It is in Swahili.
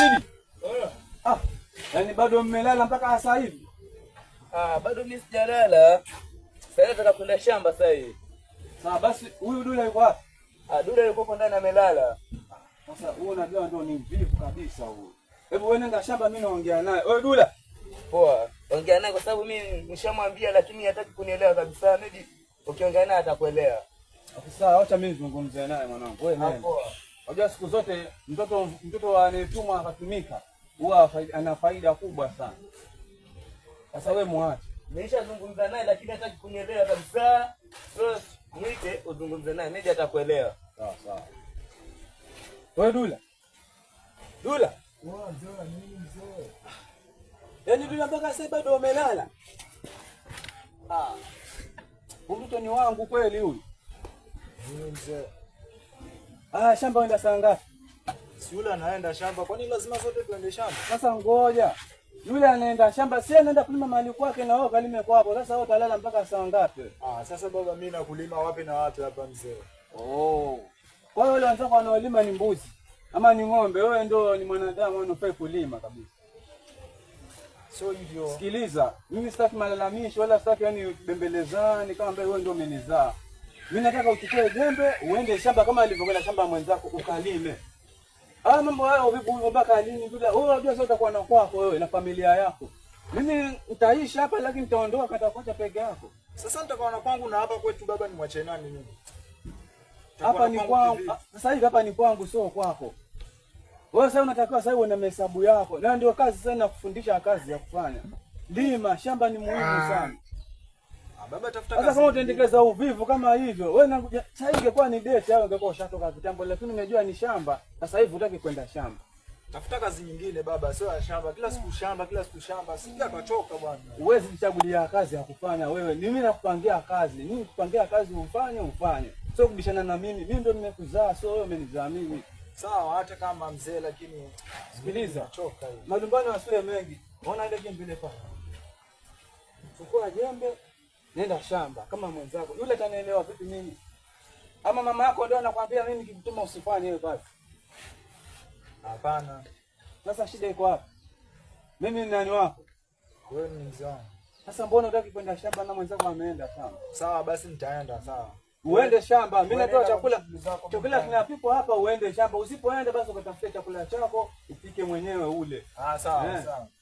Rashidi. Eh. Ah, yaani bado mmelala mpaka sasa hivi? Ah, bado mimi sijalala. Sasa nataka kwenda shamba sasa hivi. Sawa ah, basi huyu Dula yuko wapi? Ah, Dula yuko huko ndani amelala. Sasa huyu unajua ndio ni mvivu kabisa huyu. Hebu wewe nenda shamba mimi naongea naye. Wewe Dula. Poa. Ongea naye kwa sababu mimi nishamwambia lakini hataki kunielewa kabisa. Maybe ukiongea naye atakuelewa. Sawa, acha mimi nizungumzie naye mwanangu. Wewe ah, nenda. Poa. Unajua siku zote mtoto mtoto anayetumwa akatumika huwa ana faida kubwa sana. Sasa wewe mwache. Nimeshazungumza naye lakini hataki kunielewa kabisa. Sasa mwite uzungumze naye, mimi atakuelewa. Sawa sawa. Wewe Dula. Dula. Wewe oh, Dula nini mzee? Yaani Dula mpaka sasa bado amelala Ah. mtoto ni wangu kweli huyu. Mzee. Ah, shamba uenda saa ngapi? Si yule anaenda shamba, kwani lazima sote tuende shamba? Sasa ngoja. Yule anaenda shamba, si anaenda kulima mali kwake na wewe kalime kwako. Sasa wewe utalala mpaka saa ngapi? Ah, sasa baba mimi na kulima wapi na watu hapa mzee? Oh. Kwa hiyo wale wenzako wanaolima ni mbuzi ama ni ng'ombe, wewe ndio ni mwanadamu unafai kulima kabisa. So hivyo. Sikiliza, mimi sitaki malalamishi wala sitaki yani bembelezani kama ambaye wewe ndio umenizaa. Mimi nataka uchukue jembe uende shamba kama alivyokwenda shamba mwenzako ukalime. Ah, mambo hayo vipi hivyo mpaka lini bila wewe unajua sasa utakuwa na kwako wewe na familia yako. Mimi nitaishi hapa lakini nitaondoka nitakuacha peke yako. Sasa nitakuwa na kwangu na hapa kwetu baba ni mwache nani mimi? Hapa ni kwangu. Sasa hivi hapa ni kwangu sio kwako. Wewe sasa unatakiwa sasa uwe na yako. Na ndio kazi sasa nakufundisha kazi ya kufanya. Lima shamba ni muhimu ah, sana. Baba tafuta kazi. Sasa kama utaendeleza uvivu kama hivyo, wewe na sasa ingekuwa ni date au ingekuwa ushatoka kitambo, lakini unajua ni shamba. Sasa hivi hutaki kwenda shamba. Tafuta kazi nyingine baba, sio ya shamba. Kila siku shamba, kila siku shamba. Sikia tuchoka bwana. Uwezi kuchagulia kazi ya kufanya wewe. Ni mimi nakupangia kazi. Mimi kupangia kazi ufanye ufanye. Sio kubishana na mimi. Mimi ndio nimekuzaa, sio wewe umenizaa mimi. Sawa, hata kama mzee lakini sikiliza. Choka hiyo. Malumbano yasiwe mengi. Ona ile jembe ile pale. Chukua jembe nenda shamba kama mwenzako yule, atanielewa vipi mimi? Ama mama yako ndio anakwambia mimi nikikutuma usifanye hiyo basi? Hapana. Sasa shida iko wapi? mimi ni nani wako wewe? Ni mzee wangu. Sasa mbona unataka kwenda shamba na mwenzako ameenda shamba? Sawa basi, nitaenda. Sawa, uende shamba, mimi natoa chakula, chakula kinapikwa hapa, uende shamba. Usipoende basi ukatafuta chakula chako upike mwenyewe ule. Ah, sawa yeah. sawa.